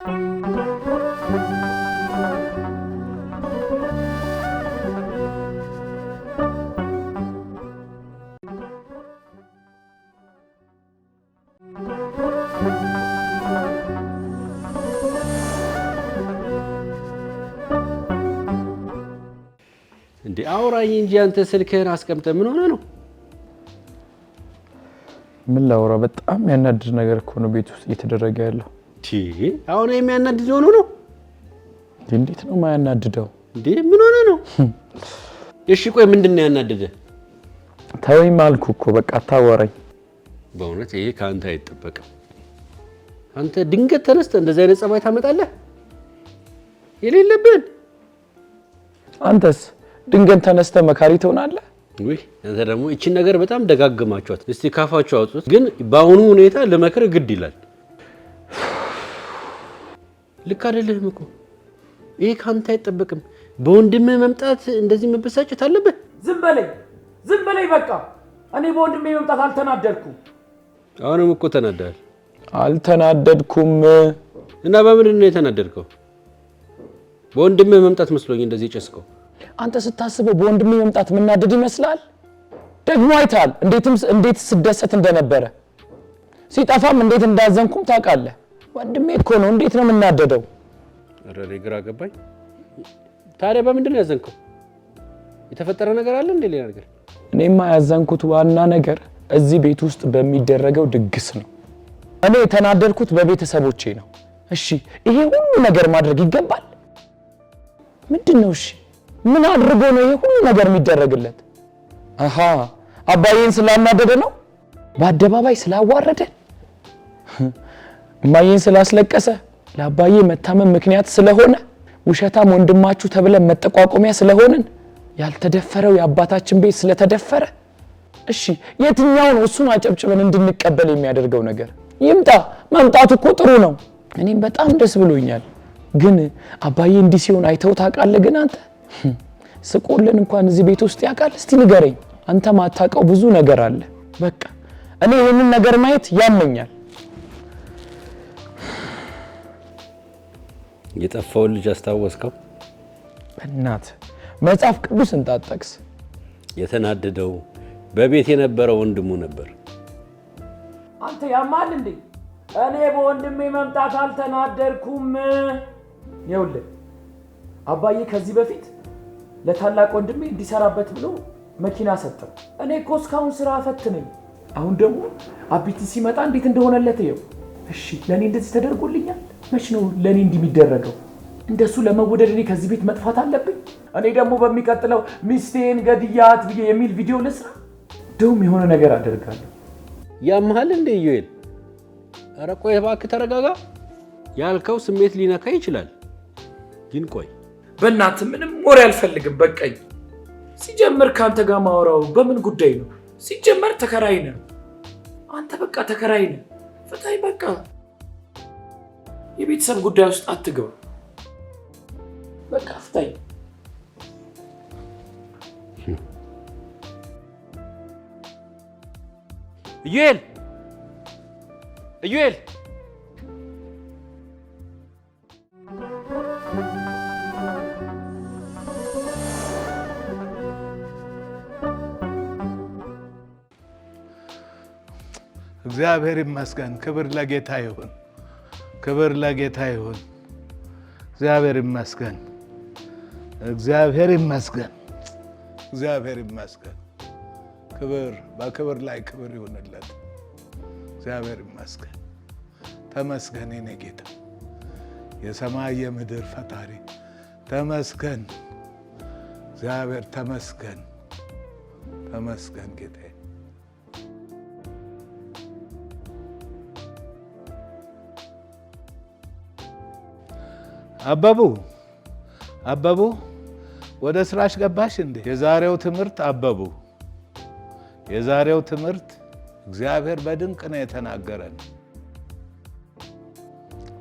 እንዴ አውራኝ እንጂ አንተ ስልክህን አስቀምጠህ ምን ሆነ ነው? ምን ላውራ? በጣም ያናድድ ነገር እኮ ነው ቤት ውስጥ እየተደረገ ያለው። አሁን የሚያናድድ ሆኖ ነው? እንዴት ነው የማያናድደው? እንዴ ምን ሆነ ነው? እሺ ቆይ ምንድን ነው ያናደደ? ተወኝ ማልኩ እኮ በቃ አታወራኝ። በእውነት ይሄ ከአንተ አይጠበቅም። አንተ ድንገት ተነስተ እንደዚህ አይነት ጸባይ ታመጣለህ የሌለብን። አንተስ ድንገት ተነስተህ መካሪ ትሆናለህ። ውይ አንተ ደግሞ ይቺን ነገር በጣም ደጋግማችኋት፣ እስቲ ካፋችሁ አውጡት። ግን በአሁኑ ሁኔታ ልመክርህ ግድ ይላል ልክ አይደለህም እኮ ይህ ከአንተ አይጠበቅም። በወንድምህ መምጣት እንደዚህ መበሳጨት አለብህ? ዝም በለኝ ዝም በለኝ በቃ። እኔ በወንድሜ መምጣት አልተናደድኩም። አሁንም እኮ ተናደሃል። አልተናደድኩም። እና በምንድን ነው የተናደድከው? በወንድምህ መምጣት መስሎኝ እንደዚህ ጨስከው። አንተ ስታስበው በወንድሜ መምጣት የምናደድ ይመስላል። ደግሞ አይተሃል እንዴት ስደሰት እንደነበረ ሲጠፋም እንዴት እንዳዘንኩም ታውቃለህ። ወንድሜ እኮ ነው። እንዴት ነው የምናደደው? ረሬ ግራ ገባኝ። ታዲያ በምንድን ነው ያዘንከው? የተፈጠረ ነገር አለ እንዴ? ሌላ ነገር? እኔማ ያዘንኩት ዋና ነገር እዚህ ቤት ውስጥ በሚደረገው ድግስ ነው። እኔ የተናደድኩት በቤተሰቦቼ ነው። እሺ ይሄ ሁሉ ነገር ማድረግ ይገባል? ምንድን ነው? እሺ ምን አድርጎ ነው ይሄ ሁሉ ነገር የሚደረግለት? አሃ አባዬን ስላናደደ ነው? በአደባባይ ስላዋረደ እማዬን ስላስለቀሰ ለአባዬ መታመም ምክንያት ስለሆነ ውሸታም ወንድማችሁ ተብለን መጠቋቆሚያ ስለሆንን ያልተደፈረው የአባታችን ቤት ስለተደፈረ እሺ የትኛው ነው እሱን አጨብጭበን እንድንቀበል የሚያደርገው ነገር? ይምጣ። መምጣቱ እኮ ጥሩ ነው። እኔም በጣም ደስ ብሎኛል። ግን አባዬ እንዲህ ሲሆን አይተው ታውቃለህ? ግን አንተ ስቆልን እንኳን እዚህ ቤት ውስጥ ያውቃል? እስቲ ንገረኝ። አንተ ማታውቀው ብዙ ነገር አለ። በቃ እኔ ይህንን ነገር ማየት ያመኛል። የጠፋውን ልጅ አስታወስከው? እናት መጽሐፍ ቅዱስ እንጣጠቅስ የተናደደው በቤት የነበረው ወንድሙ ነበር። አንተ ያማል እንዴ? እኔ በወንድሜ መምጣት አልተናደድኩም። ይኸውልህ አባዬ ከዚህ በፊት ለታላቅ ወንድሜ እንዲሰራበት ብሎ መኪና ሰጠው። እኔ እኮ እስካሁን ስራ ፈትነኝ አሁን ደግሞ አቢቲ ሲመጣ እንዴት እንደሆነለት ይኸው። እሺ ለእኔ እንደዚህ ተደርጎልኛል። መች ነው ለእኔ እንዲህ የሚደረገው? እንደሱ ለመወደድ እኔ ከዚህ ቤት መጥፋት አለብኝ? እኔ ደግሞ በሚቀጥለው ሚስቴን ገድያት ብዬ የሚል ቪዲዮ ልስራ? ደውም የሆነ ነገር አደርጋለሁ። ያመሃል እንደ ዩኤል? ኧረ ቆይ እባክህ ተረጋጋ። ያልከው ስሜት ሊነካ ይችላል፣ ግን ቆይ በእናትህ ምንም ወሬ አልፈልግም፣ በቃኝ። ሲጀምር ከአንተ ጋር ማውራው በምን ጉዳይ ነው? ሲጀመር ተከራይ ነህ አንተ፣ በቃ ተከራይ ነህ። ፍታኝ በቃ። የቤተሰብ ጉዳይ ውስጥ አትግባ። በቃ ፍታኝ። እዩኤል እዩኤል እግዚአብሔር ይመስገን። ክብር ለጌታ ይሁን። ክብር ለጌታ ይሁን። እግዚአብሔር ይመስገን። እግዚአብሔር ይመስገን። እግዚአብሔር ይመስገን። ክብር በክብር ላይ ክብር ይሁንለት። እግዚአብሔር ይመስገን። ተመስገን የኔ ጌታ የሰማይ የምድር ፈጣሪ ተመስገን። እግዚአብሔር ተመስገን፣ ተመስገን ጌታዬ። አበቡ አበቡ ወደ ስራሽ ገባሽ እንዴ? የዛሬው ትምህርት አበቡ የዛሬው ትምህርት እግዚአብሔር በድንቅ ነው የተናገረን።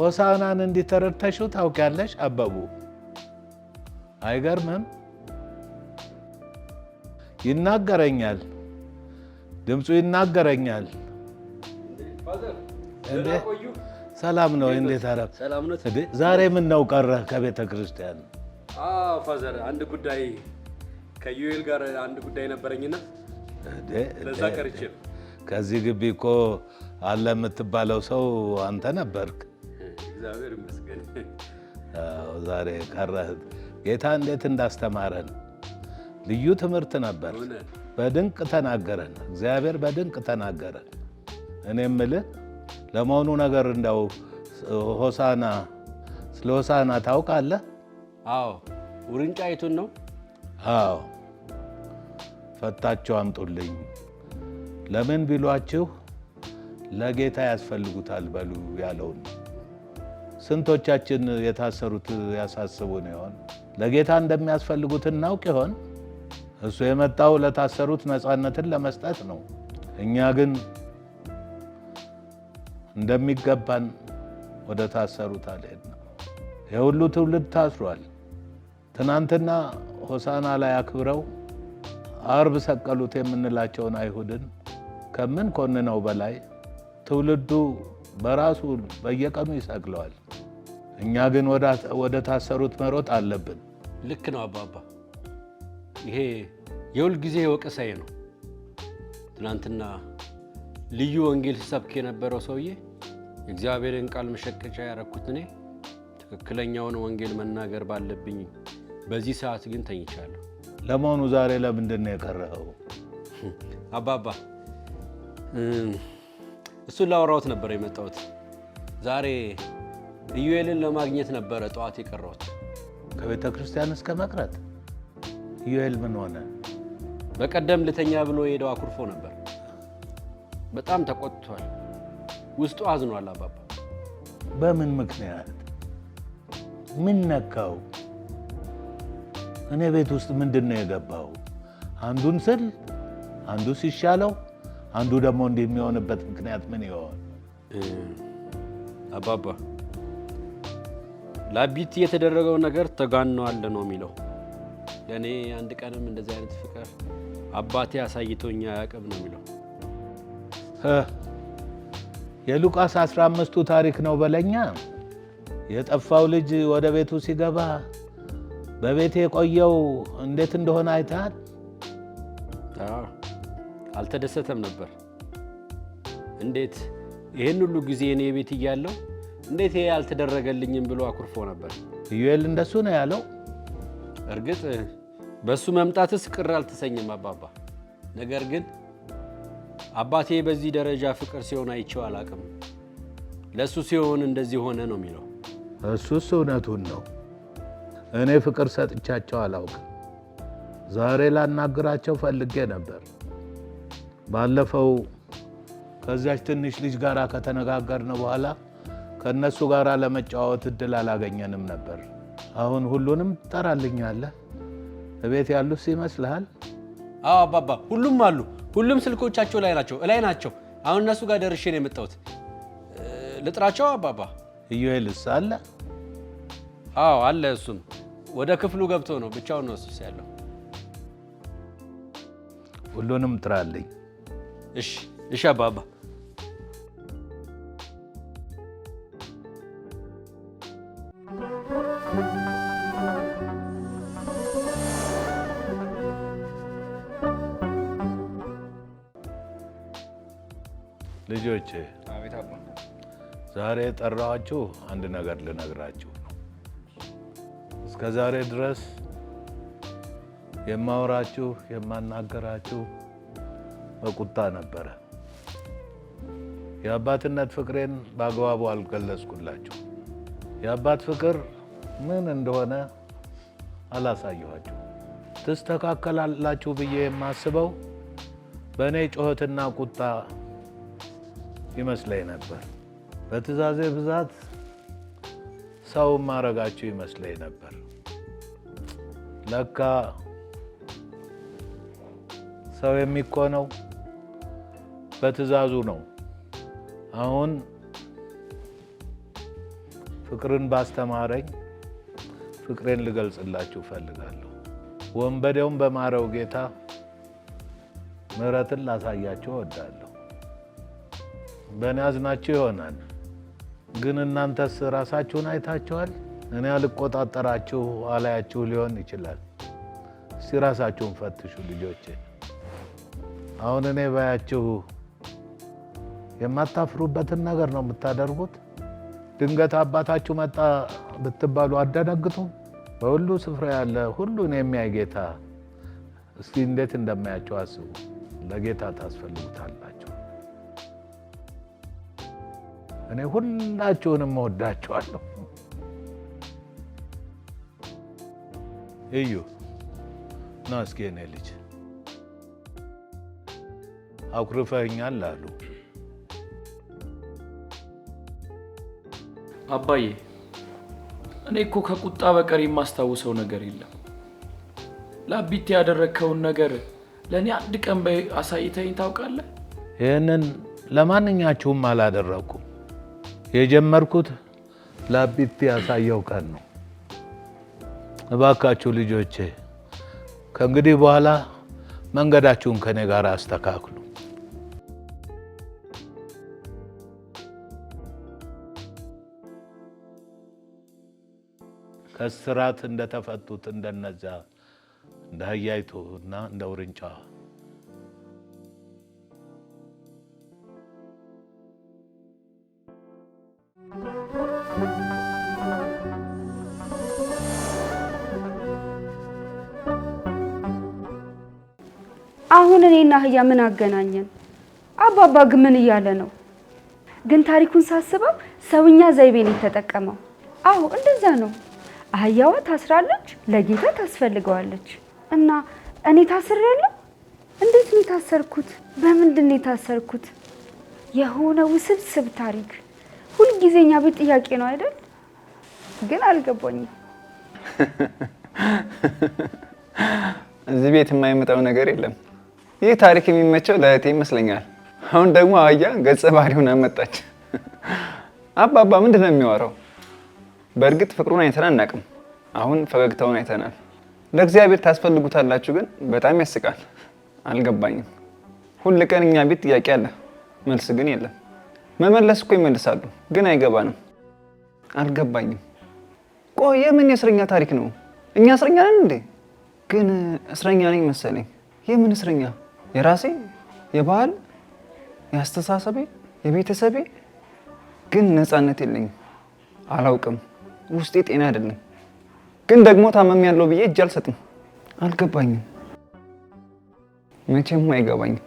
ሆሳናን እንዲተረድተሽው ታውቂያለሽ አበቡ። አይገርምም? ይናገረኛል፣ ድምፁ ይናገረኛል። ሰላም ነው። እንዴት አረፍ? ሰላም ነው። ዛሬ ምን ነው ቀረ ከቤተ ክርስቲያን? አዎ ፋዘር አንድ ጉዳይ ከዩኤል ጋር አንድ ጉዳይ ነበረኝና ለዛ ቀርቼ። ከዚህ ግቢ እኮ አለ የምትባለው ሰው አንተ ነበርክ። እግዚአብሔር ይመስገን። ዛሬ ቀረህ። ጌታ እንዴት እንዳስተማረን ልዩ ትምህርት ነበር። በድንቅ ተናገረን እግዚአብሔር፣ በድንቅ ተናገረን። እኔ እምልህ ለመሆኑ ነገር እንደው ሆሳና ስለ ሆሳና ታውቃለህ? አዎ ውርንጫይቱን ነው። አዎ ፈታችሁ አምጡልኝ። ለምን ቢሏችሁ ለጌታ ያስፈልጉታል በሉ ያለውን ስንቶቻችን የታሰሩት ያሳስቡን ይሆን? ለጌታ እንደሚያስፈልጉት እናውቅ ይሆን? እሱ የመጣው ለታሰሩት ነፃነትን ለመስጠት ነው። እኛ ግን እንደሚገባን ወደ ታሰሩት አልሄድንም። የሁሉ ትውልድ ታስሯል። ትናንትና ሆሳና ላይ አክብረው አርብ ሰቀሉት የምንላቸውን አይሁድን ከምን ኮንነው በላይ ትውልዱ በራሱ በየቀኑ ይሰግለዋል። እኛ ግን ወደ ታሰሩት መሮጥ አለብን። ልክ ነው አባባ። ይሄ የሁል ጊዜ ወቀሳዬ ነው። ትናንትና ልዩ ወንጌል ሲሰብክ የነበረው ሰውዬ እግዚአብሔርን ቃል መሸቀጫ ያረኩት እኔ ትክክለኛውን ወንጌል መናገር ባለብኝ በዚህ ሰዓት ግን ተኝቻለሁ። ለመሆኑ ዛሬ ለምንድን ነው የቀረኸው? አባባ እሱን ላወራሁት ነበር የመጣሁት። ዛሬ ኢዩኤልን ለማግኘት ነበረ ጠዋት የቀረሁት። ከቤተ ክርስቲያን እስከ መቅረት ኢዩኤል ምን ሆነ? በቀደም ልተኛ ብሎ የሄደው አኩርፎ ነበር። በጣም ተቆጥቷል። ውስጡ አዝኗል። አባባ በምን ምክንያት ምን ነካው? እኔ ቤት ውስጥ ምንድን ነው የገባው? አንዱን ስል አንዱ ሲሻለው አንዱ ደግሞ እንዲህ የሚሆንበት ምክንያት ምን ይሆን? አባባ ለአቢቲ የተደረገው ነገር ተጋኗል ነው የሚለው። ለእኔ አንድ ቀንም እንደዚህ አይነት ፍቅር አባቴ አሳይቶኛ ያቅብ ነው የሚለው የሉቃስ አስራ ቱ ታሪክ ነው በለኛ። የጠፋው ልጅ ወደ ቤቱ ሲገባ በቤት የቆየው እንዴት እንደሆነ አይታል አልተደሰተም ነበር። እንዴት ይህን ሁሉ ጊዜ እኔ ቤት እያለው እንዴት ይሄ አልተደረገልኝም ብሎ አኩርፎ ነበር። ኢዩኤል እንደሱ ነው ያለው። እርግጥ በእሱ መምጣትስ ቅር አልተሰኘም አባባ፣ ነገር ግን አባቴ በዚህ ደረጃ ፍቅር ሲሆን አይቼው አላቅም። ለእሱ ሲሆን እንደዚህ ሆነ ነው የሚለው። እሱስ እውነቱን ነው። እኔ ፍቅር ሰጥቻቸው አላውቅም። ዛሬ ላናግራቸው ፈልጌ ነበር። ባለፈው ከዚያች ትንሽ ልጅ ጋር ከተነጋገርን በኋላ ከእነሱ ጋር ለመጫወት እድል አላገኘንም ነበር። አሁን ሁሉንም ትጠራልኛለህ? እቤት ያሉት ይመስልሃል? አዎ አባባ፣ ሁሉም አሉ ሁሉም ስልኮቻቸው ላይ ናቸው እላይ ናቸው። አሁን እነሱ ጋር ደርሼ ነው የመጣሁት። ልጥራቸው አባባ ኢዩኤልስ አለ? አዎ አለ። እሱም ወደ ክፍሉ ገብቶ ነው ብቻውን ነው እሱስ ያለው። ሁሉንም ጥራልኝ። እሺ እሺ አባባ ዛሬ የጠራኋችሁ አንድ ነገር ልነግራችሁ ነው። እስከ ዛሬ ድረስ የማወራችሁ የማናገራችሁ በቁጣ ነበረ። የአባትነት ፍቅሬን በአግባቡ አልገለጽኩላችሁ። የአባት ፍቅር ምን እንደሆነ አላሳየኋችሁ። ትስተካከላላችሁ ብዬ የማስበው በእኔ ጩኸትና ቁጣ ይመስለኝ ነበር። በትዛዜ ብዛት ሰው ማረጋችሁ ይመስለኝ ነበር። ለካ ሰው የሚኮነው በትዛዙ ነው። አሁን ፍቅርን ባስተማረኝ ፍቅሬን ልገልጽላችሁ እፈልጋለሁ። ወንበዴውን በማረው ጌታ ምሕረትን ላሳያችሁ እወዳለሁ። በእኔ አዝናችሁ ይሆናል ግን እናንተስ ራሳችሁን አይታችኋል? እኔ አልቆጣጠራችሁ አላያችሁ ሊሆን ይችላል። እስቲ ራሳችሁን ፈትሹ ልጆቼ። አሁን እኔ ባያችሁ የማታፍሩበትን ነገር ነው የምታደርጉት። ድንገት አባታችሁ መጣ ብትባሉ አደነግጡም? በሁሉ ስፍራ ያለ ሁሉን የሚያይ ጌታ እስቲ እንዴት እንደማያችሁ አስቡ። ለጌታ ታስፈልጉታላችሁ። እኔ ሁላችሁንም እወዳቸዋለሁ። እዩ ና እስኪ የኔ ልጅ አኩርፈኛል አሉ አባዬ። እኔ እኮ ከቁጣ በቀር የማስታውሰው ነገር የለም። ለአቢቴ ያደረግከውን ነገር ለእኔ አንድ ቀን በይ አሳይተኝ ታውቃለህ? ይህንን ለማንኛችሁም አላደረግኩም። የጀመርኩት ላቢት ያሳየው ቀን ነው። እባካችሁ ልጆቼ ከእንግዲህ በኋላ መንገዳችሁን ከኔ ጋር አስተካክሉ። ከስራት እንደተፈቱት እንደነዛ እንደ አህያይቱ እና እንደ ውርንጫዋ አሁን እኔና አህያ ምን አገናኘን? አባባ ግን ምን እያለ ነው? ግን ታሪኩን ሳስበው ሰውኛ ዘይቤን የተጠቀመው። አዎ እንደዛ ነው። አህያዋ ታስራለች፣ ለጌታ ታስፈልገዋለች። እና እኔ ታስሬያለሁ? እንዴት ነው የታሰርኩት? በምንድን ነው የታሰርኩት? የሆነ ውስብስብ ታሪክ። ሁልጊዜ እኛ ቤት ጥያቄ ነው አይደል? ግን አልገባኝም። እዚህ ቤት የማይመጣው ነገር የለም። ይህ ታሪክ የሚመቸው ለእህቴ ይመስለኛል። አሁን ደግሞ አህያ ገጸ ባህሪውን አመጣች። አባባ ምንድን ነው የሚያወራው? በእርግጥ ፍቅሩን አይተን አናቅም። አሁን ፈገግታውን አይተናል። ለእግዚአብሔር ታስፈልጉታላችሁ ግን በጣም ያስቃል። አልገባኝም። ሁል ቀን እኛ ቤት ጥያቄ አለ፣ መልስ ግን የለም። መመለስ እኮ ይመልሳሉ ግን አይገባንም። አልገባኝም። ቆይ የምን የእስረኛ ታሪክ ነው? እኛ እስረኛ ነን እንዴ? ግን እስረኛ ነኝ መሰለኝ። የምን እስረኛ የራሴ የባህል የአስተሳሰቤ የቤተሰቤ ግን ነፃነት የለኝም። አላውቅም። ውስጤ ጤና አይደለም። ግን ደግሞ ታመም ያለው ብዬ እጅ አልሰጥም። አልገባኝም፣ መቼም አይገባኝም።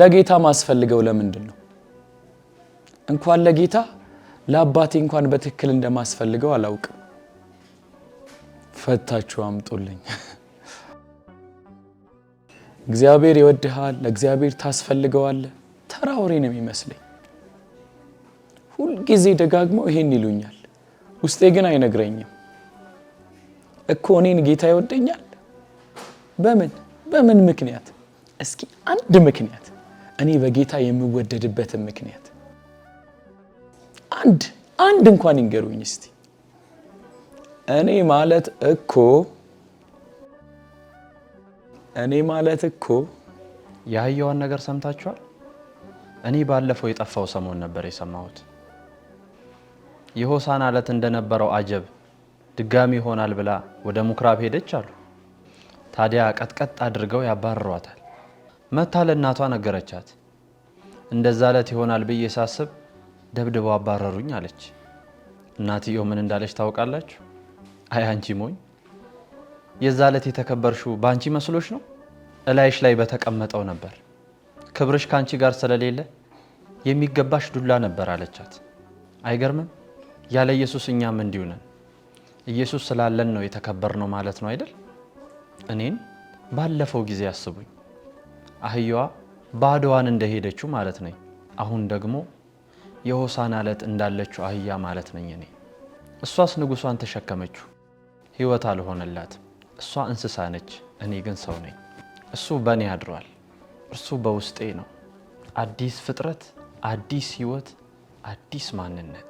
ለጌታ ማስፈልገው ለምንድን ነው? እንኳን ለጌታ ለአባቴ እንኳን በትክክል እንደማስፈልገው አላውቅም። ፈታችሁ አምጡልኝ። እግዚአብሔር ይወድሃል፣ ለእግዚአብሔር ታስፈልገዋለ ተራ ወሬ ነው የሚመስለኝ። ሁልጊዜ ደጋግመው ይሄን ይሉኛል፣ ውስጤ ግን አይነግረኝም እኮ እኔን ጌታ ይወደኛል። በምን በምን ምክንያት? እስኪ አንድ ምክንያት እኔ በጌታ የምወደድበትን ምክንያት አንድ አንድ እንኳን ይንገሩኝ እስቲ። እኔ ማለት እኮ እኔ ማለት እኮ የአህያዋን ነገር ሰምታችኋል? እኔ ባለፈው የጠፋው ሰሞን ነበር የሰማሁት። የሆሳና ዕለት እንደነበረው አጀብ ድጋሚ ይሆናል ብላ ወደ ምኩራብ ሄደች አሉ። ታዲያ ቀጥቀጥ አድርገው ያባርሯታል። መታ ለእናቷ ነገረቻት። እንደዛ ዕለት ይሆናል ብዬ ሳስብ ደብድበው አባረሩኝ አለች። እናትየው ምን እንዳለች ታውቃላችሁ? አይ አንቺ ሞኝ የዛ ዕለት የተከበርሽው በአንቺ መስሎች ነው? እላይሽ ላይ በተቀመጠው ነበር። ክብርሽ ከአንቺ ጋር ስለሌለ የሚገባሽ ዱላ ነበር አለቻት። አይገርምም? ያለ ኢየሱስ እኛም እንዲሁ ነን። ኢየሱስ ስላለን ነው የተከበር ነው ማለት ነው አይደል? እኔን ባለፈው ጊዜ አስቡኝ። አህያዋ ባዶዋን እንደሄደችው ማለት ነኝ። አሁን ደግሞ የሆሳና ዕለት እንዳለችው አህያ ማለት ነኝ እኔ። እሷስ ንጉሷን ተሸከመችው፣ ህይወት አልሆነላትም። እሷ እንስሳ ነች፣ እኔ ግን ሰው ነኝ። እሱ በእኔ አድሯል፣ እርሱ በውስጤ ነው። አዲስ ፍጥረት፣ አዲስ ህይወት፣ አዲስ ማንነት